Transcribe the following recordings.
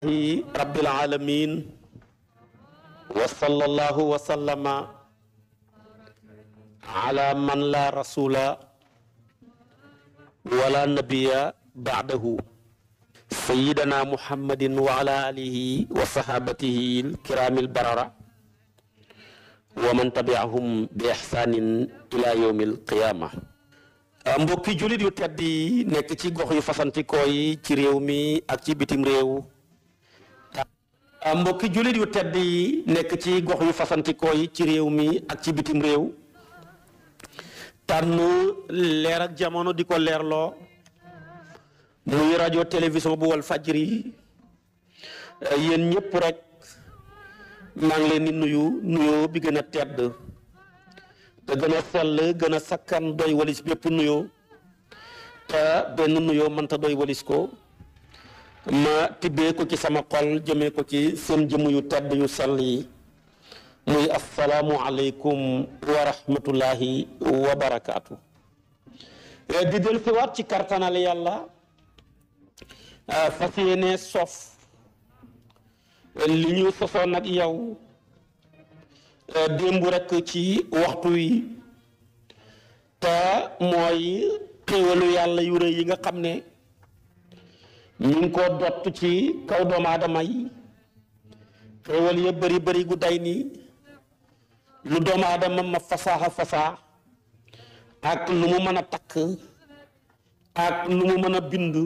rabbil alamin wa sallallahu wa sallama ala man la rasula wala nabiya ba'dahu sayyidina muhammadin wa alihi wa sahabatihi alkiramil barara tabi'ahum bi ihsanin ila yawmil qiyamah ah, mbokki julit yu tedd nekk ci gox yu fasantikoo yi ci réew mi ak ci bitim réew Euh, mbokki jullit yu tedd yi nekk ci gox yu fasantikoo yi ci réew mi ak ci bitim réew tànn leer ak jamono di ko leerloo muy rajo télévision bu wal fajri euh, yéen ñëpp rek maa ngi leen di nuyu nuyoo bi gën a tedd te gën a sell gën a sakkan doy walis bépp nuyoo te benn nuyoo mënta doy walis ko ma tibbee ko ci sama xol jëmee ko ci seen jëmm yu tedd yu sell yi muy asalaamualeykum wa rahmatullahi wa eh, di del siwaat ci kartanal yàlla eh, fas yéene sof li ñu sosoon nag yow eh, démb rekk ci waxtu wi te mooy xéewalu yàlla yu yi nga xam ne ñu ngi koo dott ci kaw doomu aadama yi xéewal ya bëri bëri gu day nii lu doomu aadama ma fasaaxa fasaa ak lu mu mën a takk ak lu mu mën a bind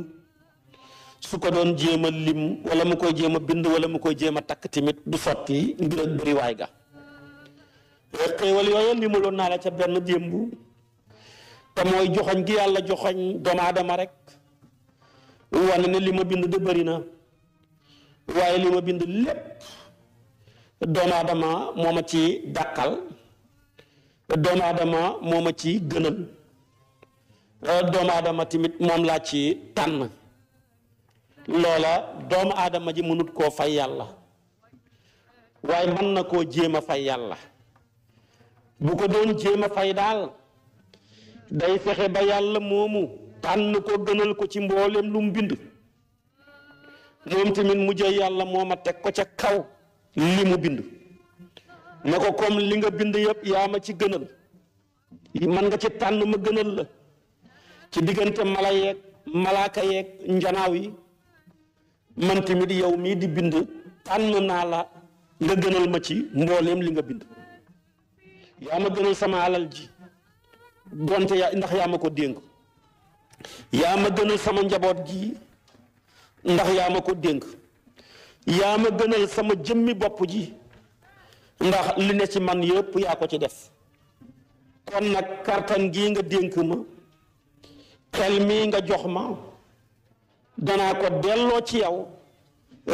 su ko doon jéem a lim wala mu koy jéem a bind wala mu koy jéem a takk tamit du sotti ngir ak bëri waay ga xéewal yooyu limaloon naa la ca benn démb te mooy joxoñ gi yàlla joxoñ doomu aadama rek wane ne li ma bind de bëri na waaye li ma bind lépp doomu aadama moo ma ci dàqal doomu aadama moo ma ci gënal doomu aadama tamit moom laa ci tànn loola doomu aadama ji mënut koo fay yàlla waaye mën na koo jéem a fay yàlla bu ko doon jéem a fay daal day fexe ba yàlla moomu tànn ko gënal ko ci mboolem lu mu bind moom tamit mu jëy yàlla moo ma teg ko ca kaw li mu bind ne ko comme li nga bind yépp yaa ma ci gënal man nga ci tànn ma gënal la ci diggante mala yeeg malaaka yeeg njanaaw yi man tamit yow mii di bind tànn naa la nga gënal ma ci mboolem li nga bind yaa ma gënal sama alal ji donte yaa ndax yaa ma ko dénk yaa ma gënal sama njaboot gi ndax yaa ma ko dénk yaa ma gënal sama jëmmi bopp ji ndax li ne ci man yëpp yaa ko ci def kon nag kartan gii nga dénk ma xel mii nga jox ma danaa ko delloo ci yow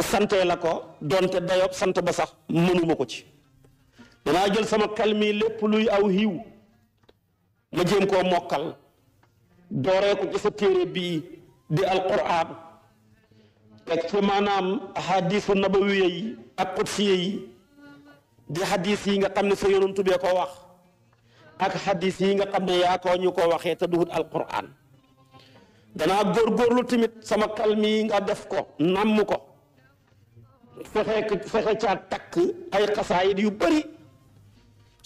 sante la ko donte dayob sant ba sax mënuma ko ci danaa jël sama xel mii lépp luy aw hiw ma jéem koo mokkal dooree ci sa téere bii di alquran teg ci maanaam hadisu nabawiya yi ak qudsiya yi di hadis yi nga xam ne sa yonantu bee ko wax ak hadis yi nga xam ne yaa ko ñu ko waxee te duhut alquran danaa góorgóorlu tamit sama kalmi yi nga def ko namm ko fexe fexe caa takk ay xasaayit yu bari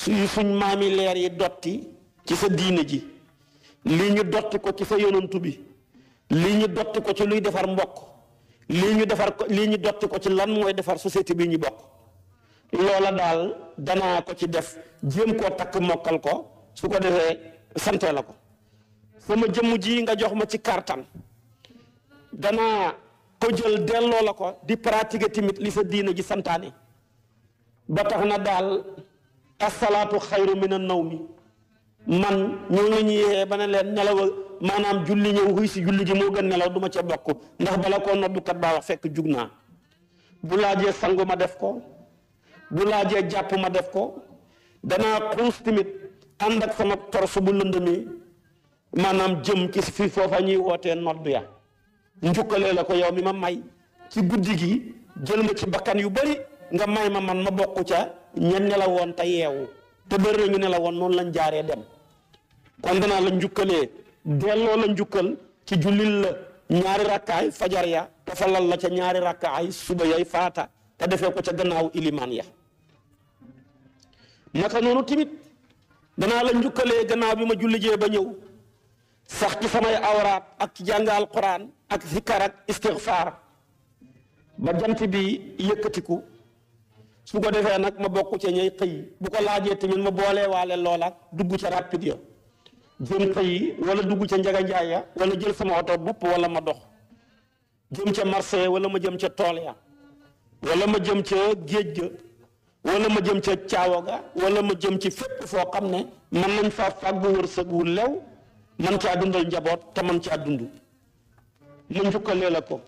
suñu suñ maami leer yi dotti ci sa diine ji lii ñu dotti ko ci fa yonantu bi lii ñu dotti ko ci luy defar mbokk lii ñu defar ko lii ñu dotti ko ci lan mooy defar société bi ñu bokk loola daal danaa ko ci def jéem koo takk mokkal ko su ko defee santee la ko sama jëmm ji nga jox ma ci kartan danaa ko jël delloo la ko di pratiquer tamit li fa diina ji santaane ba tax na daal asalaatu xayru min an mi man ñoo la ñuy yee ba ne leen nelaw maanaam julli ñëw xuy si julli gi moo gën nelaw du ma ca bokk ndax bala koo noddukat baa wax fekk jug naa bu laajee sangu ma def ko bu laajee jàpp ma def ko danaa xuus tamit ànd ak sama torsu bu lënd mi maanaam jëm ci fi foofa ñuy wootee noddu ya njukkalee la ko yow mi ma may ci guddi gi jël ma ci bakkan yu bari nga may ma man ma bokku ca ña nelawoon te yeewu te bëri na ñu nelawoon noonu lañ jaaree dem kon danaa la njukkale delloo la njukkal ci jullil la ñaari rakkaay fajar ya defalal la ca ñaari rakkaay suba yay faata te defee ko ca gannaaw ilimaan ya naka noonu timit danaa la njukkale gannaaw bi ma jullijee ba ñëw sax ci samay awraat ak ci jàngaal quraan ak zikkar ak istigfaar ba jant bi yëkkatiku su ko defee nag ma bokk ca ñay xëy bu ko laajee tamit ma boolee waale loola dugg ca rapide ya jëm payi wala dugg ca njaga ya wala jël sama oto bopp wala ma dox jëm ca marché wala ma jëm ca tool ya wala ma jëm ca géej ga wala ma jëm ca caawa ga wala ma jëm ci fépp foo xam ne mën nañ faa fàggu wërsëg wu lew man caa dundal njaboot te man caa dund ma njukkalee la ko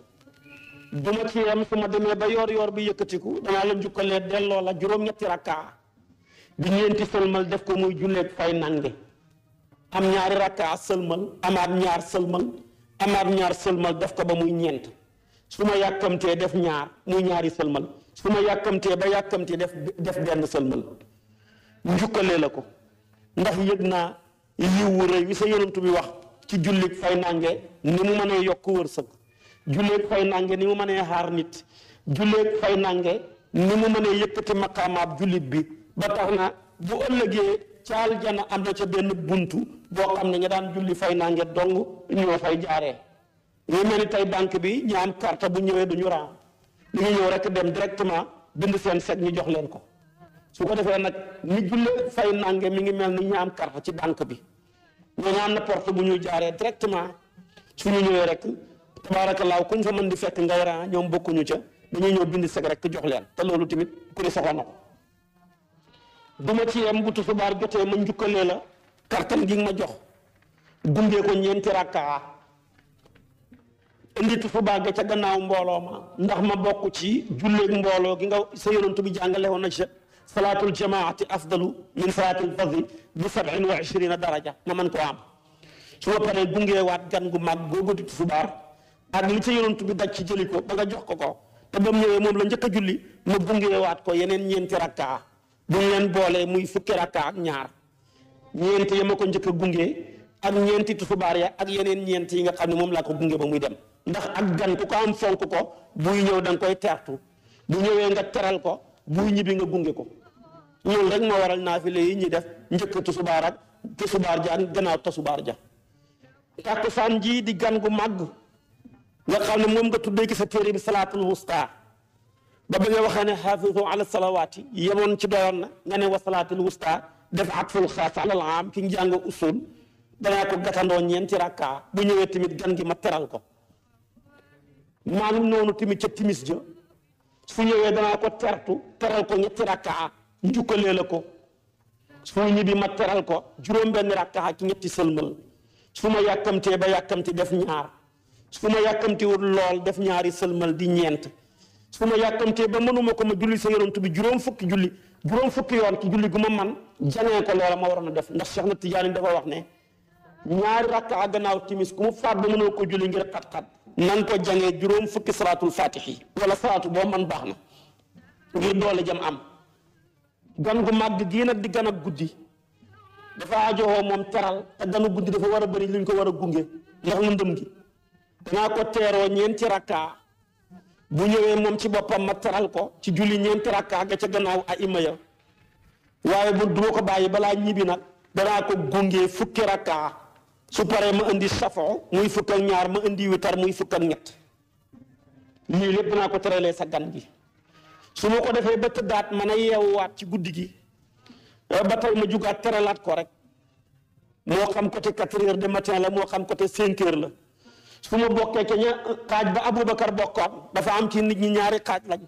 du ma ci yem su ma demee ba yoor yoor bi yëkkatiku danaa la njukkalee delloo la juróom-ñetti rakkaa bi ñeenti sëlmal def ko muy julleeg fay nange am ñaari rakka sëlmal amaat ñaar sëlmal amaat ñaar sëlmal def ko ba muy ñeent su ma yàkkamtee def ñaar muy ñaari sëlmal su ma yàkkamtee ba yàkkamtee def def benn sëlmal njukkalee la ko ndax yëg naa yiw wu rëy wi sa yonantu bi wax ci jullit fay nange ni mu mënee yokk wërsëg julleeg fay nange ni mu mënee xaar nit julleeg fay nange ni mu mënee yëkkati maqaamaab jullit bi ba tax na bu ëllëgee ca aljana am na ca benn buntu boo xam ne ña daan julli fay naange dong ñoo fay jaaree ñoo mel ni tey banque bi ña am bu ñëwee du ñu ran li ñëw rek dem directement bind seen chèque ñu jox leen ko su ko defee nag ni julli fay naange mi ngi mel ni ña am carte ci banque bi ñooñu am na porte bu ñu jaaree directement su ñu ñëwee rek tabaarakallaa kuñ fa mën di fekk ngay ran ñoom bokkuñu ca dañuy ñëw bind chèque rek jox leen te loolu tamit ku ne soxla na ko duma ci yem bu tusubaar jotee ma njukkalee la kartan gi ma jox gungee ko ñeenti rakkaa indi tusubaar ga ca gannaaw mbooloo ma ndax ma bokk ci julleeg mbooloo gi nga sa yonantu bi jàngale woon na sa salaatul jamaati afdalu min salaatil fadli bi sabin wa ishrina daraja ma mën ko am su ma paree gungee waat gan gu mag googu di tusubaar ak li ca yonantu bi daj ci jëli ko ba nga jox ko ko te ba mu ñëwee moom la njëkk a julli ma gungee waat ko yeneen ñeenti rakkaa bu leen boolee muy fukki rakka ñaar ñeent ya ma njëkk a gunge ak ñeenti tusubaar ya ak yeneen ñeent yi nga xam ne moom laa ko gunge ba muy dem ndax ak gan ko am ko buy ñëw da koy tertu bu ñëwee nga teral ko buy ñibbi nga gunge ko loolu rek moo waral naafile yi ñu def njëkk tusubaar ak tusubaar ja ak gannaaw tusubaar ja tàkkusaan ji di gan gu màgg nga xam ne moom nga tuddee ci sa téere bi salaatul wusta ba ba nga waxee ne xaafisu ala salawaati yemoon ci doyoon na nga ne wax wasalaatil wusta def atful xaas alal am ki njàng usul danaa ko gàttandoo ñeenti rakka bu ñëwee tamit gan gi ma teral ko maanaam noonu tamit ca timis ja su ñëwee danaa ko tertu teral ko ñetti rakka njukkalee la ko su ñibbi ma teral ko juróom-benn rakka ci ñetti sëlmal su ma yàkkamtee ba yàkkamti def ñaar su ma yàkkamtiwul lool def ñaari sëlmal di ñeent su ma yàkkamtee ba mënuma ko ma julli sa yonent bi juróom fukki julli juróom fukki yoon ki julli gu ma man janee ko loola ma waroon a def ndax Cheikh na Tidiane dafa wax ne ñaari rakka gannaaw timis ku mu faat ba mënoo ko julli ngir xat-xat nan ko jangee juróom fukki salaatul faatixi wala salaatu boo man baax na ngir doole jam am gan gu màgg gii nag di gan ak guddi dafa ajoxoo moom teral te ganu guddi dafa war a bëri lu ñu ko war a gunge ndax lëndëm gi danaa ko teeroo ñeenti rakka bu ñëwee moom ci boppam ma teral ko ci julli ñeenti rakkaa ga ca gannaaw a ima ya waaye bu duma ko bàyyi balaa ñibbi nag danaa ko gunge fukki rakkaa su paree ma indi safoo muy fukk ak ñaar ma indi witar muy fukk ak ñett lii lépp danaa ko teralee sa gan gi su ma ko defee ba tëddaat man a yeewuwaat ci guddi gi eh, ba tey ma jugaat teralaat ko rek moo xam côté quatre heures de matin la moo xam côté cinq heures la su ma bokkee ca ña xaaj ba Aboubacar bokkoon dafa am ci nit ñi ñaari xaaj lañ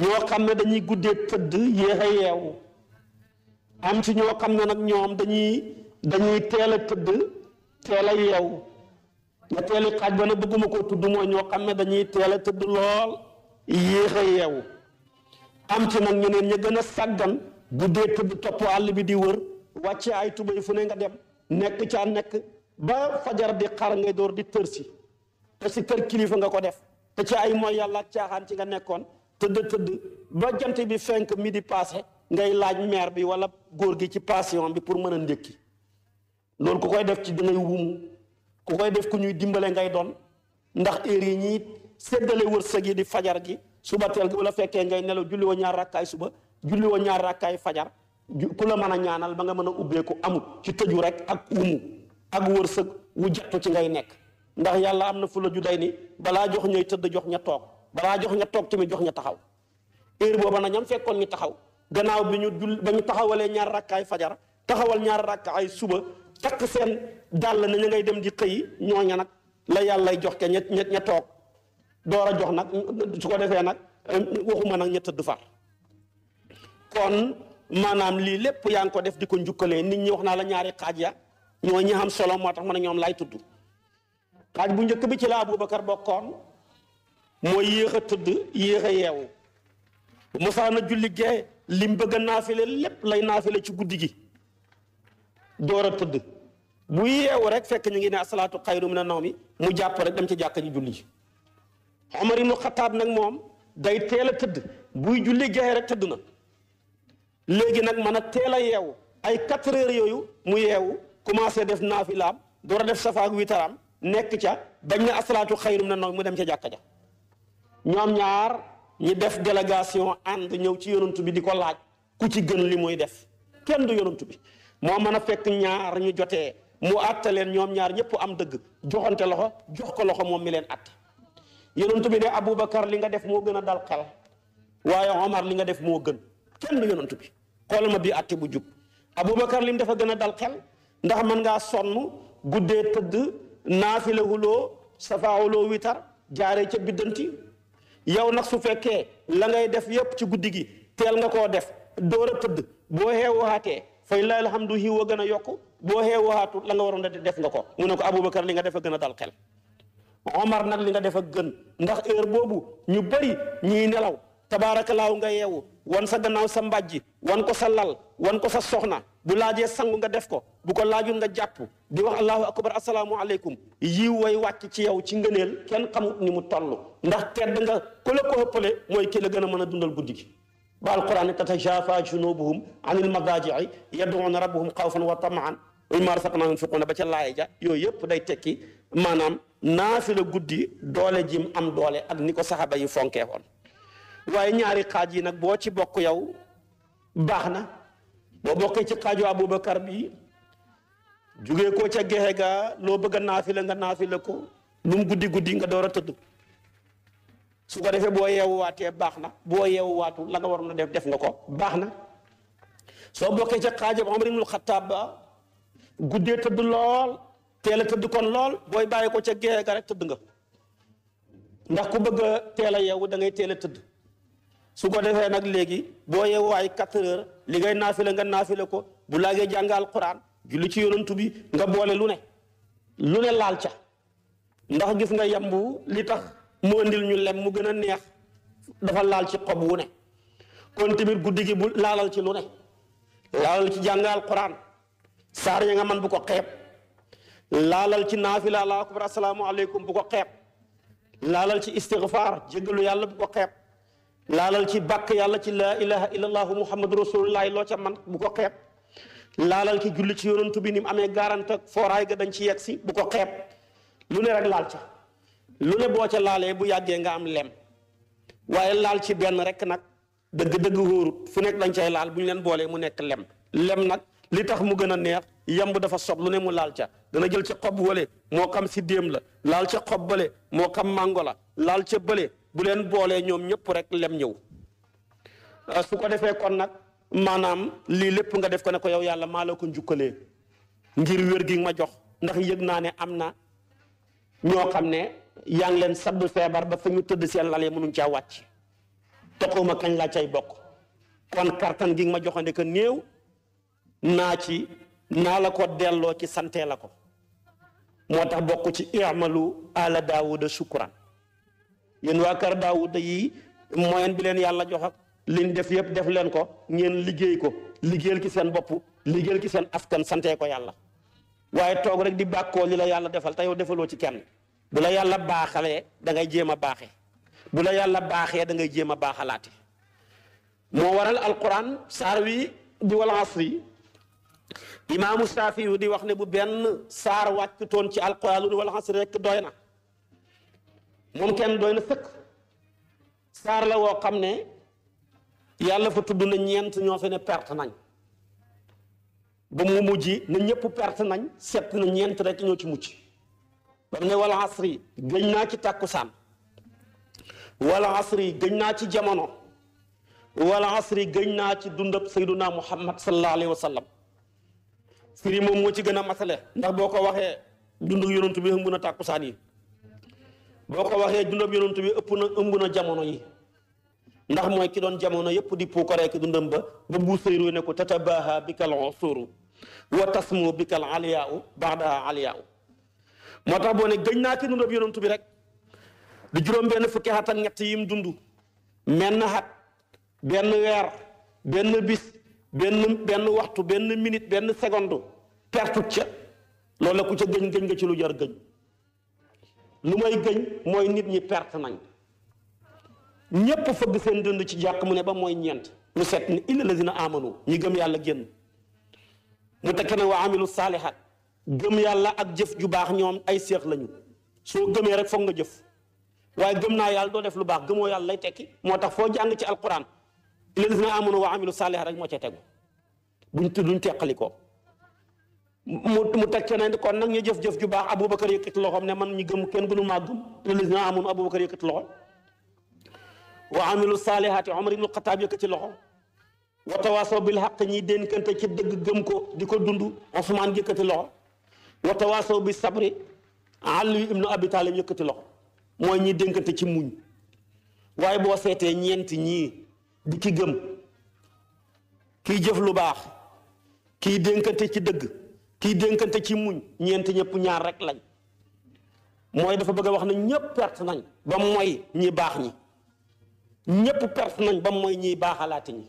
ñoo xam ne dañuy guddee tëdd yéex a yeewu am ci ñoo xam ne nag ñoom dañuy dañuy teel a tëdd teel a yeewu nga teeli xaaj ba nag bëgguma koo tudd mooy ñoo xam ne dañuy teel a tëdd lool yéex a ci nag ñeneen ña gën a sàggan guddee tëdd topp àll bi di wër wàcce ay tubéy fu ne nga dem nekk caa nekk ba fajar di xar ngay door di si te si kër kilifa nga ko def te ci ay mooy yàlla ak caaxaan ci nga nekkoon tëdd tëdd ba jant bi fenk mi di passé ngay laaj maire bi wala góor gi ci passion bi pour mën a ndékki loolu ku koy def ci dangay wumu ku koy def ku ñuy dimbale ngay doon ndax heure yi ñii séddale wërsëg yi di fajar gi suba teel gi wala fekkee ngay nelaw julli woo ñaar rakkaay suba julli woo ñaar rakkaay fajar ku la mën a ñaanal ba nga mën a ubbeeku amul ci tëju rek ak umu ak wërsëg wu jettu ci ngay nekk ndax yàlla am na fu la ju day ni balaa jox ñooy tëdd jox ña toog balaa jox ña toog tamit jox ña taxaw booba na ñam fekkoon ñu taxaw gannaaw bi ñu jul ba taxawalee ñaar rakkaay fajar taxawal ñaar rakkaay suba takk seen dàll na ñu ngay dem di ñooña nag la yàllay jox ke ña ña toog door a jox nag su ko defee nag waxuma nag ña tëdd far kon maanaam lii lépp yaa ngi ko def di ko njukkalee nit ñi wax naa la ñaari kaaj ya ñoo ñi xam solo moo tax ma ne ñoom laay tudd xaaj bu njëkk bi ci la Aboubacar bokkoon mooy yéex a tëdd yéex a yeewu mosaan a julli gee lim bëgg a naafile lépp lay naafile ci guddi gi doora tëdd bu yeewu rek fekk ñu ngi ne asalaatu ne naw mi mu jàpp rek dem ci jàkka ji julli Omar ibnu Xataab nag moom day teel a tëdd buy julli gee rek tëdd na léegi nag mën a teel a yeewu ay quatre heures yooyu mu yeewu commencé def naafilaam door a def safaak witaram nekk ca bañ na asalaatu xayrum na noonu mu dem ca jàkka ja ñoom ñaar ñi def délégation ànd ñëw ci yonantu bi di ko laaj ku ci gën li muy def kenn du yonantu bi moo mën a fekk ñaar ñu jotee mu àtte leen ñoom ñaar ñëpp am dëgg joxante loxo jox ko loxo moom mi leen àtte yonantu bi ne Aboubacar li nga def moo gën a dal xel waaye Omar li nga def moo gën kenn du yonantu bi xoolal ma bii àtte bu jub Aboubacar li mu def a gën a dal xel. ndax mën ngaa sonn guddee tëdd naafila huloo safaa huloo witar jaaree ca biddanti yow nag su fekkee la ngay def yépp ci guddi gi teel nga koo def door tëdd boo xeewu haatee fay la alhamdu xiw a gën a yokk boo xeewu haatu la nga waroon a def nga ko mu ne ko Aboubacar li nga def a gën a dal xel Omar nag li nga def a gën ndax heure boobu ñu bari ñiy nelaw tabaarakallaahu nga yeewu wan sa gannaaw sa mbàjji wan ko sa lal wan ko sa soxna bu laajee sangu nga def ko bu ko laajul nga jàpp di wax allahu akbar asalaamualeykum yiw way wàcc ci yow ci ngëneel kenn xamut ni mu toll ndax tedd nga ku la ko mooy ki la gën a mën a dundal guddi gi ba alquran tatajafa junubuhum anil madajii yad'una rabbahum xawfan wa tamaan mimmaa razaqnaahum yunfiquuna ba ca laaya ja yooyu yëpp day tekki maanaam naafila guddi doole jim am doole ak ni ko saxaaba yi fonkee woon waaye ñaari xaaj yi nag boo ci bokk yow baax na boo bokkee ci xaaju Aboubacar bi jugee ko ca gexe ga loo bëgg a la nga la ko lu mu guddi guddi nga door a tëdd su ko defee boo yeewuwaatee baax na boo waatu la nga waroon a def def nga ko baax na soo bokkee ca xaaju Omar ibnul Xattaab ba guddee tëdd lool teel a tëdd kon lool booy bàyyi ko ca gexe ga rek tëdd nga ndax ku bëgg a teel a yeewu da ngay teel a tëdd. su ko defee nag léegi boo yeewoo ay quatre heures li ngay naafila nga naafila ko bu laagee jàng alquran julli ci yonantu bi nga boole lu ne lu ne laal ca ndax gis nga yambu li tax mu andil ñu lem mu gën a neex dafa laal ci xob wu ne kon tamit guddi gi bu laalal ci lu ne laalal ci jàng alquran saar ya nga man bu ko xeeb laalal ci naafila allahu aleykum bu ko xeeb laalal ci istighfar jéggalu yàlla bu ko xeeb laalal ci bàkk yàlla ci laa ilaha illallahu muhammadu rasulullahi loo ca man bu ko xeeb laalal ci julli ci yonantu bi ni mu amee garante ak fooraay ga dañ ci yegg si bu ko xeeb lu ne rek laal ca lu ne boo ca laalee bu yàggee nga am lem waaye laal ci benn rek nag dëgg-dëgg fu nekk dañ cay laal bu ñu leen boolee mu nekk lem lem nag li tax mu gën a neex yamb dafa sob lu ne mu laal ca dana jël ca xob wale moo xam siddéem la laal ca xob bale moo xam màngo la laal ca bële bu leen boolee ñoom ñëpp rek lem ñëw euh, su ko defee kon nag maanaam lii lépp nga def ko ne ko yow yàlla maa la ko njukkalee ngir wér gi ma jox ndax yëg naa ne am na ñoo xam ne yaa leen sadd feebar ba fa ñu tëdd seen lal yi mënuñ caa wàcc toxuma kañ la cay bokk kon kartan gi ma joxande ko néew naa ci naa la ko delloo ci sante la ko moo tax bokk ci i'malu ala daawuda shukran yéen waa kër Daawuda yi moyen bi leen yàlla jox ak liñ def yëpp def leen ko ngeen liggéey ko liggéeyal ki seen bopp liggéeyal ki seen askan santee ko yàlla waaye toog rek di bàkkoo li la yàlla defal te yow defaloo ci kenn bu la yàlla baaxalee da ngay jéem a baaxee bu la yàlla baaxee da ngay jéem a baaxalaate moo waral alquran saar wi di wal asri imaamu saafiyu di wax ne bu benn saar wàccu toon ci alquran lu wal asri rek doy na moom kenn doy na sëkk saar la woo xam ne yàlla fa tudd na ñeent ñoo fi perte nañ ba mu mujj na ñëpp perte nañ set na ñeent rek ñoo ci mucc ba mu ne wal asri gëñ naa ci tàkkusaan walla asri gëñ naa ci jamono walla asri gëñ naa ci dundab sayduna muhammad sallallahu alayhi wa sallam firi moom moo ci gën a masale ndax boo ko waxee dund yonantu bi hëmb na tàkkusaan yi boo ko waxee dundam yonent bi ëpp na ëmb na jamono yi ndax mooy ki doon jamono yëpp di puukaree ki dundam ba ba bu sëyru ne ko tatabaha bi kal usuru wa tasmu bi kal aliyaau baadaha aliyaau moo tax boo ne gëñ naa ki dundam yonent bi rek di juróom benn fukki at ñett yim dund menn at benn weer benn bis benn benn waxtu benn minute benn seconde pertu ca loolu la ku ca gëñ gëñ nga ci lu jar gëñ lu may gëñ mooy nit ñi perte nañ ñépp fëgg seen dënd ci jàkk mu ne ba mooy ñeent lu set ni illa lazina ñi gëm yàlla génn mu tekki ne wa amilu saalihat gëm yàlla ak jëf ju baax ñoom ay seex lañu soo gëmee rek foog nga jëf waaye gëm naa yàlla doo def lu baax gëmoo yàlla lay tekki moo tax foo jàng ci alquran illa lazina amanu wa amilu saalihat rek moo ca tegu buñ tudd duñ teqali ko mu mu teg ca ne kon nag ñu jëf-jëf ju baax Aboubacar yëkkati loxoom ne man ñu gëm kenn gënu maa gëm loolu dina amoon Aboubacar yëkkati loxo wa amilu saalihaati Omar ibnu Xataab yëkkati loxo wa tawaasaw bil xaq ñiy dénkante ci dëgg gëm ko di ko dund Ousmane yëkkati loxo wa tawaasaw bi sabri Ali ibnu Abi Taalib yëkkati loxo mooy ñi dénkante ci muñ waaye boo seetee ñeenti ñii di ki gëm kiy jëf lu baax kii dénkante ci dëgg. kii dénkante ci muñ ñeent ñëpp ñaar rek lañ mooy dafa bëgg a wax ne ñëpp perte nañ ba mooy ñi baax ñi ñëpp perte nañ ba mooy ñiy baaxalaate ñi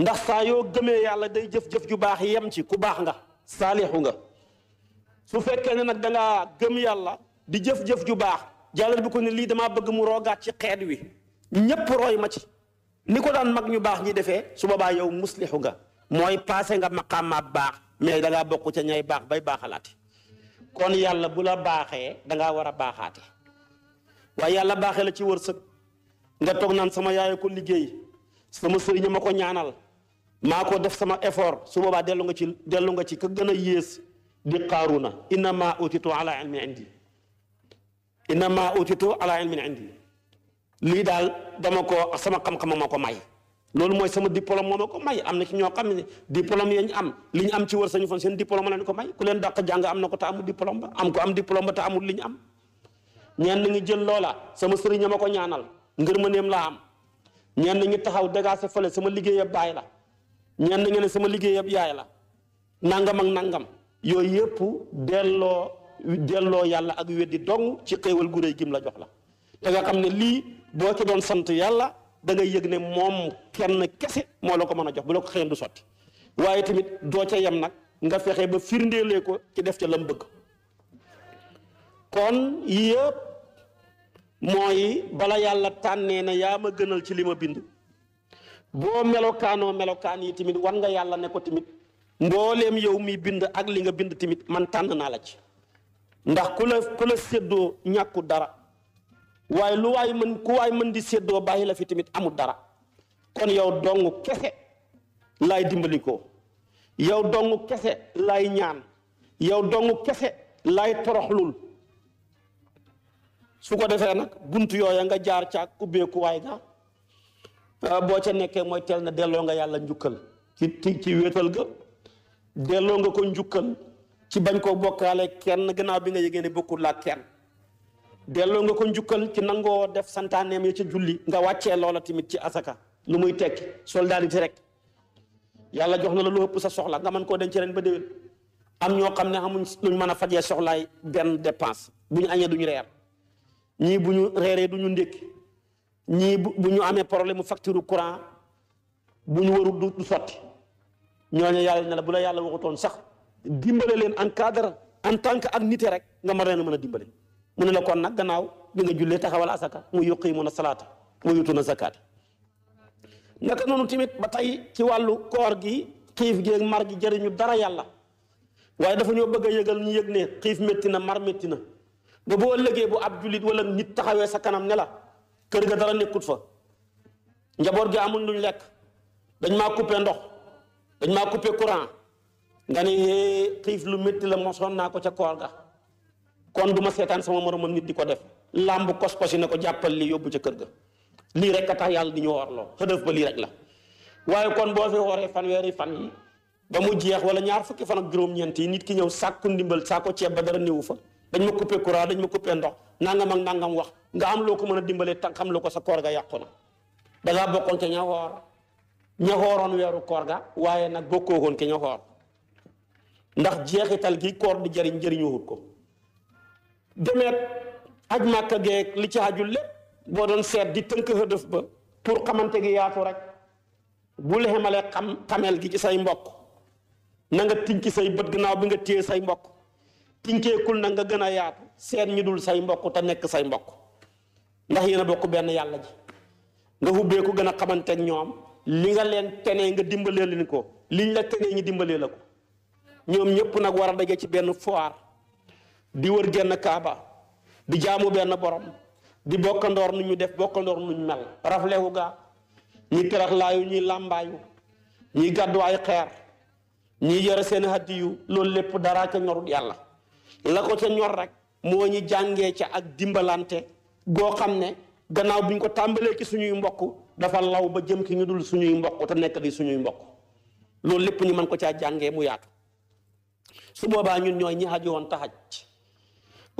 ndax saa yoo gëmee yàlla day jëf-jëf ju baax yem ci ku baax nga saalixu nga su fekkee ne nag da gëm yàlla di jëf-jëf ju baax jàllal bi ko ne lii damaa bëgg mu roogaat ci xeet wi ñëpp roy ma ci ni ko daan mag ñu baax ñi defee su boobaa yow muslixu nga mooy passé nga maqaamaab baax mais da ngaa bokk ca ñay baax bay baaxalaate kon yàlla bu la baaxee da war a baaxaate waaye yàlla baaxee la ci wërsëg nga toog naan sama yaay ko liggéey sama sëriñ ma ko ñaanal maa ko def sama effort su boobaa dellu nga ci dellu nga ci ka gën a yées di qaaruna innama utitu ala ilmin indi innama utitu ala ilmin indi lii daal dama ko sama xam-xam ma ko may loolu mooy sama diplôme moo ma ko may am na ci ñoo xam ne diplôme ya am li ñu am ci wërsëg ñu fan seen diplôme la ko may ku leen dàq jàng am na ko te amul diplôme ba am ko am diplôme ba te amul li ñu am ñenn jël loola sama sëriñ ma ko ñaanal ngër ma neem laa am ñenn ñi taxaw dagaase fële sama liggéeyab baay la ñenn ñi ne sama liggéeyab yaay la nangam ak nangam yooyu yëpp delloo delloo yàlla ak weddi dong ci xéewal gu réy gim la jox la te sant yàlla dangay yëg ne moom kenn kese moo la ko mën a jox bu la ko xëyeen du sotti waaye tamit doo ca yem nag nga fexe ba firndeelee ko ci def ci lam bëgg kon yëpp mooy bala yàlla tànnee na yaa ma gënal ci li ma bind boo melokaanoo melokaan yi tamit wan nga yàlla ne ko tamit mboolem yow mi bind ak li nga bind tamit man tànn naa la ci ndax ku la ku la séddoo ñàkku dara waaye lu waay mën ku waay mën di séddoo bàyyi la fi tamit amul dara kon yow dong kese laay dimbali ko yow dong kese laay ñaan yow dong kese laay toroxlul su ko defee nag bunt yooya nga jaar caag ubbeeku waay ga ah, boo ca nekkee mooy teel na delloo nga yàlla njukkal ci ci ci wéetal ga delloo nga ko njukkal ci bañ koo bokkaale kenn gannaaw bi nga yëgee ne bokkul laa kenn delloo nga ko njukkal ci nangoo def santaaneem ya ca julli nga wàccee loola tamit ci asaka lu muy tekki solidarité rek yàlla jox na la lu ëpp sa soxla nga man koo denc ren ba déwén am ñoo xam ne amuñ luñ mën a fajee soxlaay benn dépense bu ñu añee duñu reer ñii bu ñu reeree duñu ndékki ñii bu ñu amee problème mu facture courant bu ñu warul du sotti ñooñu yàlla ne la bu la yàlla waxutoon sax dimbale leen en cadre en tant que ak nité rek nga mën leen a mën a dimbale mu ne la kon nag gannaaw bi nga jullee taxawal asaka mu yuqiimuna salaata mu yutuuna zakaata naka noonu tamit ba tey ci wàllu koor gi xiif gi mar gi jëriñu dara yàlla waaye dafa ñoo bëgg a yëgal ñu yëg ne xiif métti na mar métti na ba boo ëllëgee bu ab jullit wala nit taxawee sa kanam ne la kër ga dara nekkut fa njaboot gi amul luñ lekk dañ ma coupé ndox dañ ma coupé courant nga ne xiif lu metti la mosoon naa ko ca koor ga kon du ma seetaan sama moromam nit di ko def làmb kos-kosi na ko jàppal li yóbbu ca kër ga lii rek a tax yàlla di ñu warloo xëdëf ba lii rek la waaye kon boo fi wooree weeri fan yi ba mu jeex wala ñaar fukki fan ak juróom-ñeent yi nit ki ñëw sàkku ndimbal sàkku ceeb ba dara néewu fa dañ ma coupé courant dañ ma coupé ndox nangam ak nangam wax nga am loo ko mën a dimbalee tànk xam loo ko sa koor ga yàqu na da ngaa bokkoon ca ña woor ña weeru koor ga waaye nag bokkoowoon ca ña woor ndax jeexital gi koor di jëriñ jëriñu ko demeet aj màkka gee li ci ajul lépp boo doon seet di tënk hëdëf ba pour xamante gi yaatu rek bul xemalee xam xameel gi ci say mbokk na nga tinki say bët bi nga téye say mbokk tinkeekul na nga gën a yaatu seet ñi dul say mbokk te nekk say mbokk ndax yéen a bokk benn yàlla ji nga hubbeeku gën a xamante ñoom li nga leen tenee nga dimbalee leen ko liñ la tenee ñu dimbalee la ko ñoom ñëpp nag war a daje ci benn foire di wër genn kaaba di jaamu benn borom di bokkandoor nu ñu def bokkandoor nu ñu mel raflewu gaa ñi teraxlaayu ñi làmbaayu ñi gàddu ay xeer ñi yore seeni hadiyu loolu lépp dara ca ñorut yàlla la ko ca ñor rek moo ñi jàngee ca ak dimbalante goo xam ne gannaaw bu ko tàmbalee ci suñuy mbokk dafa law ba jëm ki ñu dul suñuy mbokk te nekk di suñuy mbokk loolu lépp ñu mën ko caa jàngee mu yaatu su boobaa ñun ñooy ñi haji woon taxaj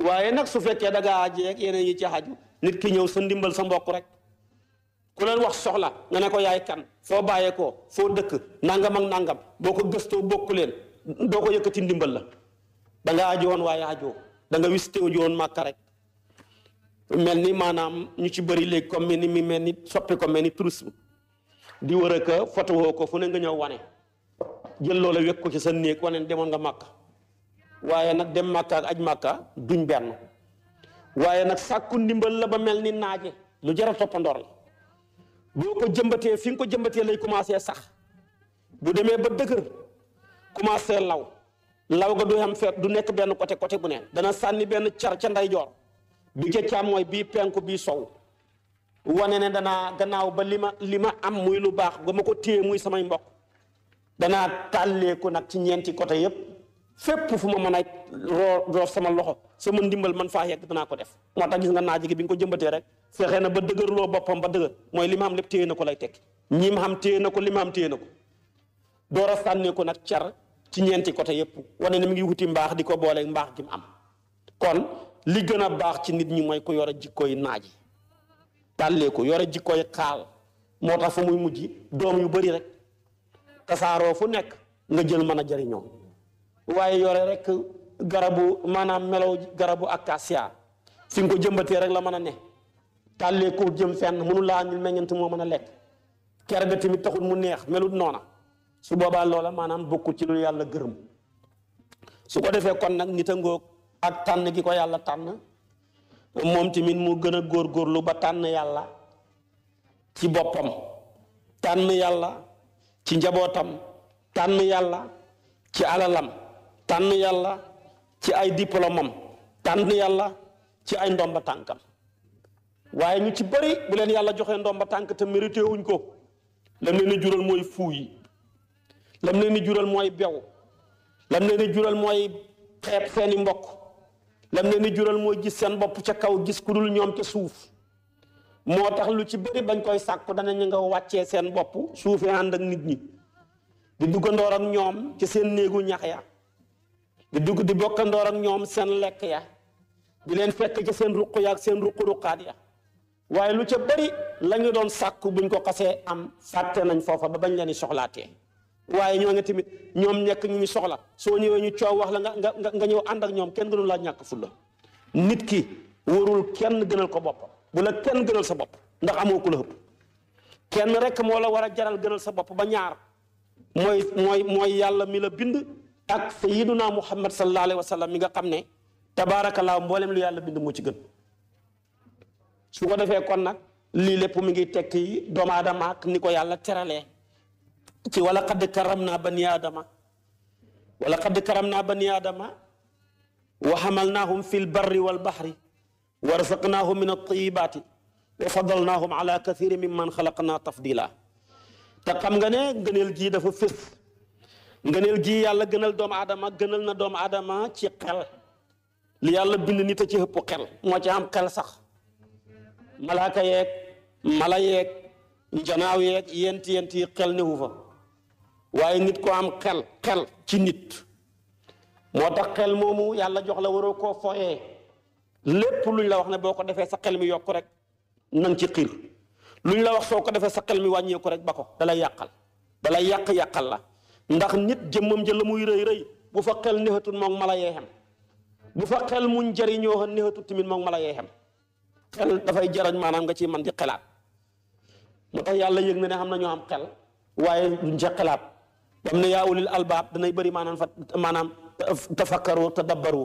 waaye nag su fekkee da ngaa aaj yeneen yi ci xaju nit ki ñëw sa ndimbal sa mbokk rek ku leen wax soxla nga ne ko yaay kan foo bàyyeekoo foo dëkk nangam ak nangam boo ko gëstoo bokk leen doo ko yëkkati ndimbal la da nga aju woon waaye ajoo danga nga wis teew ji woon màkka rek mel ni maanaam ñu ci bëri léegi comme ni mi mel ni soppi ko mel ni tourisme di wër a ka foto woo ko fu ne nga ñëw wane jël loola wekk ko ci sa néeg wane demoon nga màkk waaye nag dem màkka aj màkka duñ benn waaye nag sàkku ndimbal la ba mel ni naaje lu jar a toppandoor la boo ko jëmbatee fi ko jëmbatee lay commencé sax bu demee ba dëgër commencé law law ga du am feet du nekk benn côté côté bu neen dana sànni benn car ndeyjoor bi ca càmmooy bii penku bi sow wane ne danaa gannaaw ba li ma li ma am muy lu baax ba ma ko téye muy samay mbokk danaa tàlleeku nag ci ñeenti côté yépp fépp fu ma mën a roo sama loxo sama ndimbal man faa yegg danaa ko def moo tax gis nga naaj gi bi nga ko jëmbatee rek fexe na ba dëgërloo boppam ba dëgër mooy li ma am lépp téye na ko lay tekki ñi ma xam téye na ko li ma am téye na ko door a sànnee ko nag car ci ñeenti côté yëpp wane ne mi ngi wuti mbaax di ko booleeg mbaax gi mu am kon li gën a baax ci nit ñi mooy ku a jikkooy naaj yi tàllee ko yore jikkooy xaal moo tax fu muy mujj doom yu bëri rek tasaaroo fu nekk nga jël mën a jëriñoo waaye yore rek garabu maanaam melow garabu acacia fi nga ko jëmbatee rek la mën a ne tàllee koo jëm fenn mënu laa ñu meññent moo mën a lekk ker ga tamit taxul mu neex melut noona su boobaa loola maanaam bokkul ci lu yàlla gërëm su ko defee kon nag nit a ngoog ak tànn gi ko yàlla tànn moom tamit mu gën a góorlu ba tànn yàlla ci boppam tànn yàlla ci njabootam tànn yàlla ci alalam tànn yàlla ci ay diplôme am tànn yàlla ci ay ndomba tànkam waaye ñu ci bëri bu leen yàlla joxee ndomba tànk te mérité wuñ ko lam leen di jural mooy fuu yi lam leen di jural mooy bew lam leen di jural mooy xeeb seeni mbokk lam leen di jural mooy gis seen bopp ca kaw gis ku dul ñoom ca suuf moo tax lu ci bëri bañ koy sàkku danañ nga wàccee seen bopp suufee ànd ak nit ñi di duggandoor ak ñoom ci seen néegu ñax ya di dugg di bokkandoor ak ñoom seen lekk ya di leen fekk ci seen ruq ya ak seen ruq-ruqaat ya waaye lu ca bari la ñu doon sàkku buñ ko xasee am fàtte nañ foofa ba bañ leen di soxlaatee waaye ñoo ngi tamit ñoom ñekk ñu ñu soxla soo ñëwee ñu coow wax la nga nga nga ñëw ànd ak ñoom kenn gënu laa ñàkk fulla nit ki warul kenn gënal ko bopp bu la kenn gënal sa bopp ndax amoo ku la kenn rek moo la war a jaral gënal sa bopp ba ñaar mooy mooy mooy yàlla mi la bind ak sayiduna muhammad sallallahu alayhi wa sallam mi nga xam ne tabaarakallaa mboolem lu yàlla bind moo ci gën su ko defee kon nag lii lépp mi ngi tekki doomu aadama ni ko yàlla teralee ci wala xadd karam naa bani aadama wala xadd karam naa bani wa xamalnaahum fi lbarri walbaxri wa razaqnaahum min altayibaati wa fadalnaahum ala kathiri mimman xalaqnaa tafdila te nga ne ngëneel jii dafa ngëneel gi yàlla gënal doomu aadama gënal na doomu aadama ci xel li yàlla bind nit a ci ëpp xel moo ci am xel sax malaaka yeeg mala yeeg njanaaw yeeg yent yent yi xel newu fa waaye nit ko am kel xel ci nit moo tax xel moomu yàlla jox la waroo koo fooyee lépp luñ la wax ne boo ko defee sa xel mi yokk rek nang ci xiir luñ la wax soo ko defee sa xel mi wàññeeku rek ba dalay yàqal da lay yàq yàqal la ndax nit jëmmam ja la muy rëy rëy bu fa xel néexatul moom mala yee xem bu fa xel muñ jëriñoo xam néexatul tamit moom mala yee xem dafay jarañ maanaam nga ci man di xelaat moo tax yàlla yëg na ne xam na ñoo am xel waaye duñ ca xelaat bam ne yaa ulil danay bëri maanaam fa maanaam tafakkaru tadabbaru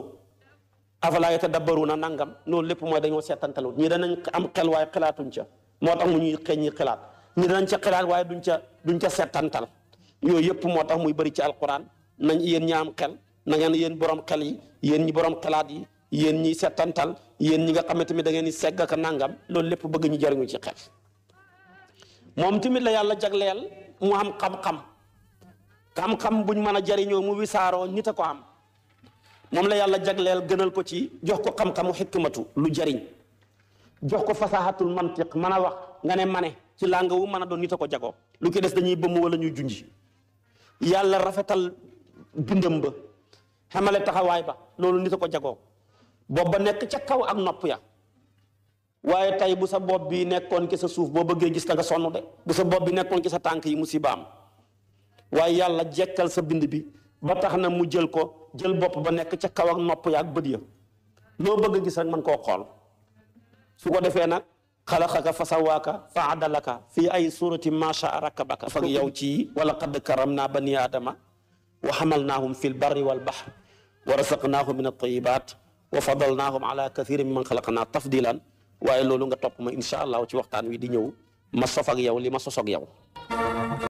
afalaa yatadabbaruuna nangam loolu lépp mooy dañoo seetantalu ñii danañ am xel waaye xelaatuñ ca moo tax mu ñuy xeeñ ñi xelaat ñi danañ ca xelaat waaye duñ ca duñ ca seetantal yooyu yëpp moo tax muy bari ci alquran nañ yéen ñi am xel na ngeen yéen borom xel yi yéen ñi borom xalaat yi yéen ñi settantal yéen ñi nga xam ne tamit da ngeen di segg ak nangam loolu lépp bëgg ñu jariñu ci xel moom tamit la yàlla jagleel mu am xam-xam buñ mën a jariñoo mu wisaaroo nit a ko am moom la yàlla jagleel gënal ko ci jox ko xam-xamu xikmatu lu jariñ jox ko fasahatul mantiq mën a wax nga ne mane ci làng wu mën a doon nit a ko jagoo lu ki des dañuy bëmm wala ñuy junji yàlla rafetal bindam ba xamale taxawaay ba loolu nit a ko jagoo bopp ba nekk ca kaw ak nopp ya waaye tey bu sa bopp bi nekkoon ci sa suuf boo bëggee gis ta nga sonn sa bopp bi nekkoon ci sa tànk yi musibaam waaye yàlla jekkal sa bind bi ba tax na mu jël ko jël bopp ba nekk ca kaw ak nopp ya ak bët ya loo bëgg gis rek mën koo xool su ko defee nag xalaqaka fa sawaaka fa adalaka fii ay surati macha rakkabaka fag yow ci wala qad karam naa bani aadama wa xamal naahum fi lbarri walbaxr wa rasaqnaahum min altayibat wa fadalnaahum ala kathirin min man xalaqnaa tafdilan waaye loolu nga topp ma incha allah ci waxtaan wi di ñëw ma sof ak yow li ma sos ak yow